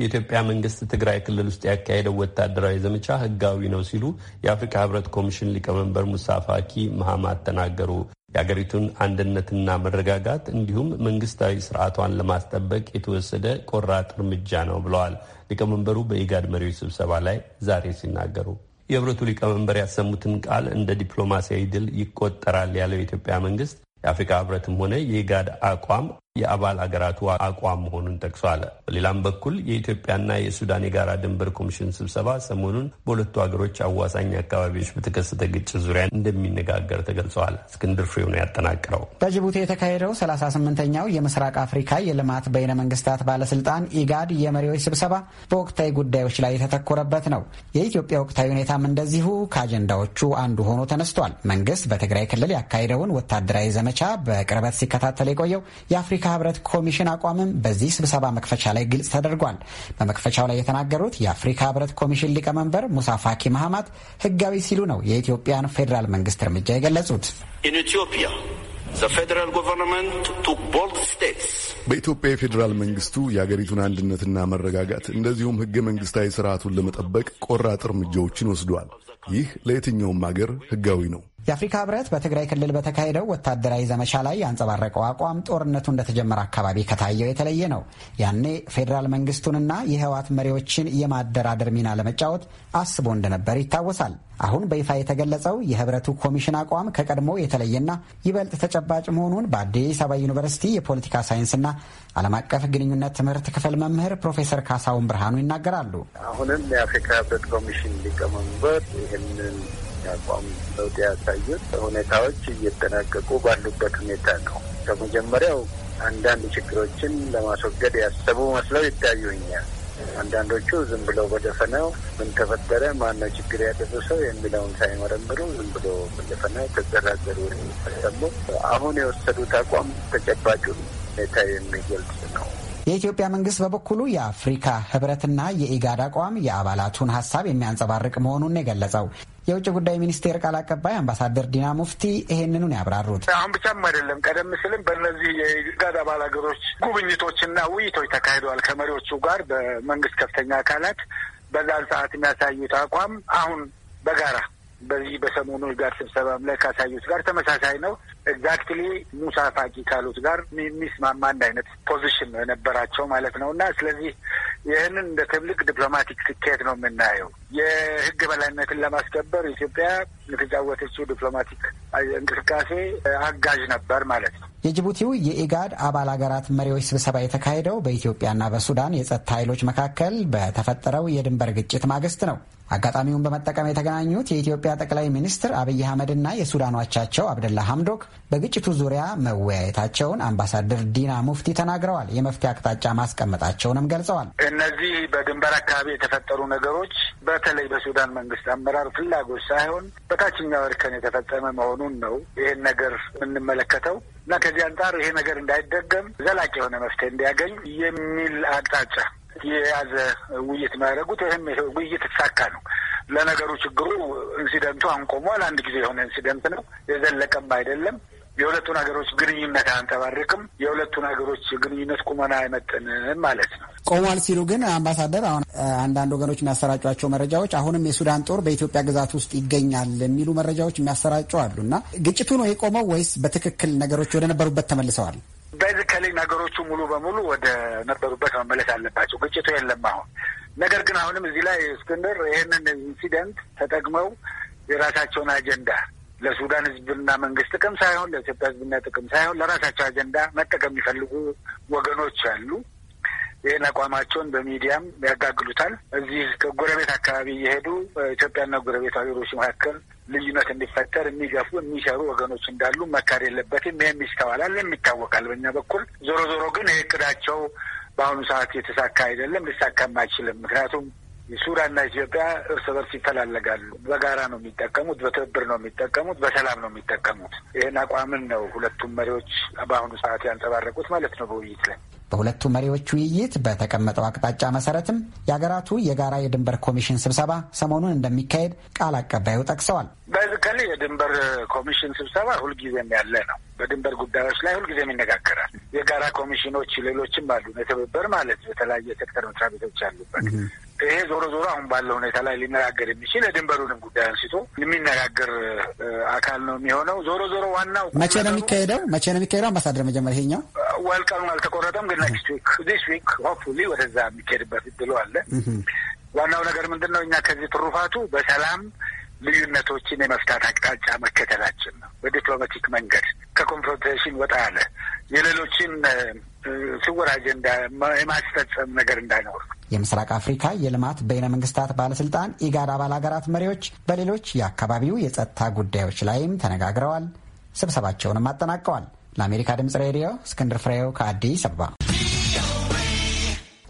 የኢትዮጵያ መንግስት ትግራይ ክልል ውስጥ ያካሄደው ወታደራዊ ዘመቻ ህጋዊ ነው ሲሉ የአፍሪካ ህብረት ኮሚሽን ሊቀመንበር ሙሳ ፋኪ መሐማት ተናገሩ። የአገሪቱን አንድነትና መረጋጋት እንዲሁም መንግስታዊ ስርዓቷን ለማስጠበቅ የተወሰደ ቆራጥ እርምጃ ነው ብለዋል። ሊቀመንበሩ በኢጋድ መሪዎች ስብሰባ ላይ ዛሬ ሲናገሩ የህብረቱ ሊቀመንበር ያሰሙትን ቃል እንደ ዲፕሎማሲያዊ ድል ይቆጠራል ያለው የኢትዮጵያ መንግስት የአፍሪካ ህብረትም ሆነ የኢጋድ አቋም የአባል አገራቱ አቋም መሆኑን ጠቅሷል። በሌላም በኩል የኢትዮጵያና የሱዳን የጋራ ድንበር ኮሚሽን ስብሰባ ሰሞኑን በሁለቱ ሀገሮች አዋሳኝ አካባቢዎች በተከሰተ ግጭት ዙሪያ እንደሚነጋገር ተገልጸዋል። እስክንድር ፍሬው ነው ያጠናቅረው። በጅቡቲ የተካሄደው 38ኛው የምስራቅ አፍሪካ የልማት በይነ መንግስታት ባለስልጣን ኢጋድ የመሪዎች ስብሰባ በወቅታዊ ጉዳዮች ላይ የተተኮረበት ነው። የኢትዮጵያ ወቅታዊ ሁኔታም እንደዚሁ ከአጀንዳዎቹ አንዱ ሆኖ ተነስቷል። መንግስት በትግራይ ክልል ያካሄደውን ወታደራዊ ዘመቻ በቅርበት ሲከታተል የቆየው የአፍሪ የአፍሪካ ህብረት ኮሚሽን አቋምም በዚህ ስብሰባ መክፈቻ ላይ ግልጽ ተደርጓል። በመክፈቻው ላይ የተናገሩት የአፍሪካ ህብረት ኮሚሽን ሊቀመንበር ሙሳ ፋኪ ማህማት ህጋዊ ሲሉ ነው የኢትዮጵያን ፌዴራል መንግስት እርምጃ የገለጹት። በኢትዮጵያ የፌዴራል መንግስቱ የአገሪቱን አንድነትና መረጋጋት እንደዚሁም ህገ መንግስታዊ ስርዓቱን ለመጠበቅ ቆራጥ እርምጃዎችን ወስዷል። ይህ ለየትኛውም አገር ህጋዊ ነው። የአፍሪካ ህብረት በትግራይ ክልል በተካሄደው ወታደራዊ ዘመቻ ላይ ያንጸባረቀው አቋም ጦርነቱ እንደተጀመረ አካባቢ ከታየው የተለየ ነው። ያኔ ፌዴራል መንግስቱንና የህወሓት መሪዎችን የማደራደር ሚና ለመጫወት አስቦ እንደነበር ይታወሳል። አሁን በይፋ የተገለጸው የህብረቱ ኮሚሽን አቋም ከቀድሞ የተለየና ይበልጥ ተጨባጭ መሆኑን በአዲስ አበባ ዩኒቨርሲቲ የፖለቲካ ሳይንስና ዓለም አቀፍ ግንኙነት ትምህርት ክፍል መምህር ፕሮፌሰር ካሳሁን ብርሃኑ ይናገራሉ። አሁንም የአፍሪካ ህብረት ኮሚሽን ሊቀመንበር ይህንን አቋም ለውጥ ያሳዩት ሁኔታዎች እየጠናቀቁ ባሉበት ሁኔታ ነው። ከመጀመሪያው አንዳንድ ችግሮችን ለማስወገድ ያሰቡ መስለው ይታዩኛል። አንዳንዶቹ ዝም ብለው በደፈናው ምን ተፈጠረ፣ ማነው ችግር ያደረሰው የሚለውን ሳይመረምሩ ዝም ብሎ በደፈናው ተዘራዘሩ ሰሙ። አሁን የወሰዱት አቋም ተጨባጩ ሁኔታ የሚገልጽ ነው። የኢትዮጵያ መንግስት በበኩሉ የአፍሪካ ህብረትና የኢጋድ አቋም የአባላቱን ሀሳብ የሚያንጸባርቅ መሆኑን የገለጸው የውጭ ጉዳይ ሚኒስቴር ቃል አቀባይ አምባሳደር ዲና ሙፍቲ ይህንኑን ያብራሩት አሁን ብቻም አይደለም፣ ቀደም ሲልም በእነዚህ የጋድ አባል ሀገሮች ጉብኝቶችና ውይይቶች ተካሂደዋል ከመሪዎቹ ጋር በመንግስት ከፍተኛ አካላት በዛን ሰዓት የሚያሳዩት አቋም አሁን በጋራ በዚህ በሰሞኑ ጋር ስብሰባም ላይ ካሳዩት ጋር ተመሳሳይ ነው። ኤግዛክትሊ ሙሳ ፋቂ ካሉት ጋር የሚስማማ አንድ አይነት ፖዚሽን ነው የነበራቸው ማለት ነው እና ስለዚህ ይህንን እንደ ትልቅ ዲፕሎማቲክ ስኬት ነው የምናየው። የህግ በላይነትን ለማስከበር ኢትዮጵያ የተጫወተችው ዲፕሎማቲክ እንቅስቃሴ አጋዥ ነበር ማለት ነው። የጅቡቲው የኢጋድ አባል አገራት መሪዎች ስብሰባ የተካሄደው በኢትዮጵያና በሱዳን የጸጥታ ኃይሎች መካከል በተፈጠረው የድንበር ግጭት ማግስት ነው። አጋጣሚውን በመጠቀም የተገናኙት የኢትዮጵያ ጠቅላይ ሚኒስትር አብይ አህመድና የሱዳን አቻቸው አብደላ ሐምዶክ በግጭቱ ዙሪያ መወያየታቸውን አምባሳደር ዲና ሙፍቲ ተናግረዋል። የመፍትሄ አቅጣጫ ማስቀመጣቸውንም ገልጸዋል። እነዚህ በድንበር አካባቢ የተፈጠሩ ነገሮች በተለይ በሱዳን መንግስት አመራር ፍላጎት ሳይሆን በታችኛው እርከን የተፈጸመ መሆኑን ነው ይህን ነገር የምንመለከተው። እና ከዚህ አንጻር ይሄ ነገር እንዳይደገም ዘላቂ የሆነ መፍትሄ እንዲያገኝ የሚል አቅጣጫ የያዘ ውይይት የሚያደርጉት ይህም ውይይት ተሳካ ነው። ለነገሩ ችግሩ ኢንሲደንቱ አንቆሟል። አንድ ጊዜ የሆነ ኢንሲደንት ነው፣ የዘለቀም አይደለም። የሁለቱን ሀገሮች ግንኙነት አያንጸባርቅም፣ የሁለቱን ሀገሮች ግንኙነት ቁመና አይመጥንም ማለት ነው። ቆሟል ሲሉ ግን አምባሳደር፣ አሁን አንዳንድ ወገኖች የሚያሰራጯቸው መረጃዎች አሁንም የሱዳን ጦር በኢትዮጵያ ግዛት ውስጥ ይገኛል የሚሉ መረጃዎች የሚያሰራጩ አሉ እና ግጭቱ ነው የቆመው ወይስ በትክክል ነገሮች ወደ ነበሩበት ተመልሰዋል? በዚህ ነገሮቹ ሙሉ በሙሉ ወደ ነበሩበት መመለስ አለባቸው። ግጭቱ የለም አሁን። ነገር ግን አሁንም እዚህ ላይ እስክንድር ይህንን ኢንሲደንት ተጠቅመው የራሳቸውን አጀንዳ ለሱዳን ህዝብና መንግስት ጥቅም ሳይሆን ለኢትዮጵያ ህዝብና ጥቅም ሳይሆን ለራሳቸው አጀንዳ መጠቀም የሚፈልጉ ወገኖች አሉ። ይህን አቋማቸውን በሚዲያም ያጋግሉታል። እዚህ ከጎረቤት አካባቢ እየሄዱ ኢትዮጵያና ጎረቤት ሀገሮች መካከል ልዩነት እንዲፈጠር የሚገፉ የሚሰሩ ወገኖች እንዳሉ መካድ የለበትም። ይህም ይስተዋላል፣ ይታወቃል በእኛ በኩል። ዞሮ ዞሮ ግን የእቅዳቸው እቅዳቸው በአሁኑ ሰዓት የተሳካ አይደለም፣ ሊሳካም አይችልም። ምክንያቱም ሱዳንና ኢትዮጵያ እርስ በርስ ይፈላለጋሉ። በጋራ ነው የሚጠቀሙት፣ በትብብር ነው የሚጠቀሙት፣ በሰላም ነው የሚጠቀሙት። ይህን አቋምን ነው ሁለቱም መሪዎች በአሁኑ ሰዓት ያንጸባረቁት ማለት ነው በውይይት ላይ በሁለቱ መሪዎች ውይይት በተቀመጠው አቅጣጫ መሰረትም የሀገራቱ የጋራ የድንበር ኮሚሽን ስብሰባ ሰሞኑን እንደሚካሄድ ቃል አቀባዩ ጠቅሰዋል። በዝከል የድንበር ኮሚሽን ስብሰባ ሁልጊዜም ያለ ነው። በድንበር ጉዳዮች ላይ ሁልጊዜም ይነጋገራል። የጋራ ኮሚሽኖች ሌሎችም አሉ። የትብብር ማለት የተለያየ ሴክተር መስሪያ ቤቶች ያሉበት ዞሮ ዞሮ አሁን ባለው ሁኔታ ላይ ሊነጋገር የሚችል የድንበሩንም ጉዳይ አንስቶ የሚነጋገር አካል ነው የሚሆነው። ዞሮ ዞሮ ዋናው መቼ ነው የሚካሄደው? መቼ ነው የሚካሄደው? አምባሳደር መጀመሪያ ይሄኛው ወልቀኑ አልተቆረጠም፣ ግን ኔክስት ዊክ ዚስ ዊክ ሆፕፉሊ ወደዛ የሚካሄድበት እድሉ አለ። ዋናው ነገር ምንድን ነው? እኛ ከዚህ ትሩፋቱ በሰላም ልዩነቶችን የመፍታት አቅጣጫ መከተላችን ነው። በዲፕሎማቲክ መንገድ ከኮንፍሮንቴሽን ወጣ ያለ የሌሎችን ስውር አጀንዳ የማስፈጸም ነገር እንዳይኖር የምስራቅ አፍሪካ የልማት በይነ መንግስታት ባለስልጣን ኢጋድ አባል ሀገራት መሪዎች በሌሎች የአካባቢው የጸጥታ ጉዳዮች ላይም ተነጋግረዋል። ስብሰባቸውንም አጠናቀዋል። ለአሜሪካ ድምጽ ሬዲዮ እስክንድር ፍሬው ከአዲስ አበባ